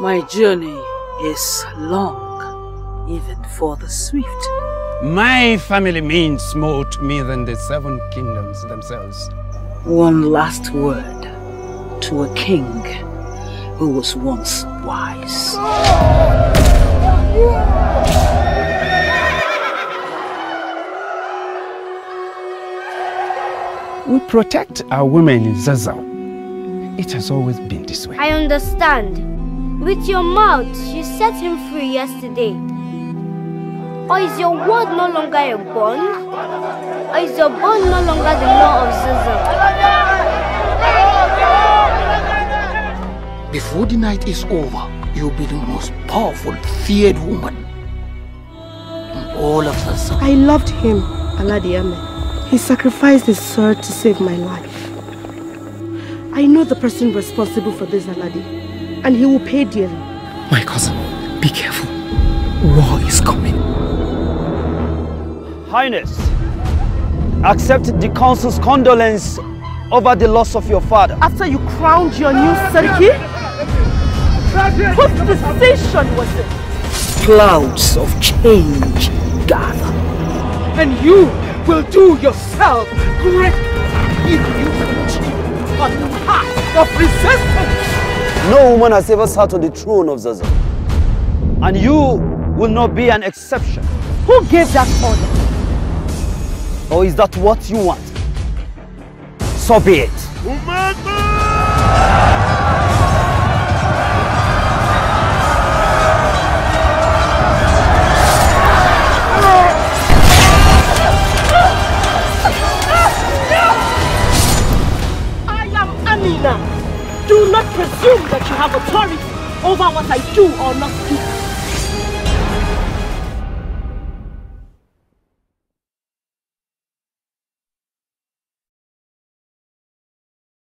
My journey is long, even for the swift. My family means more to me than the seven kingdoms themselves. One last word to a king who was once wise. We protect our women in Zazao. It has always been this way. I understand. With your mouth, you set him free yesterday. Or is your word no longer a bond? Or is your bond no longer the law of Caesar? Before the night is over, you'll be the most powerful, feared woman in all of us. I loved him, Aladiame. He sacrificed his sword to save my life. I know the person responsible for this, Aladi and he will pay dearly. My cousin, be careful. War is coming. Highness, accept the council's condolence over the loss of your father. After you crowned your new Serki? what decision was it? Clouds of change gather. And you will do yourself great if you achieve a the of resistance. No woman has ever sat on the throne of Zaza. And you will not be an exception. Who gave that order? Or is that what you want? So be it. Umata! Amina. Do not presume that you have authority over what I do or not do.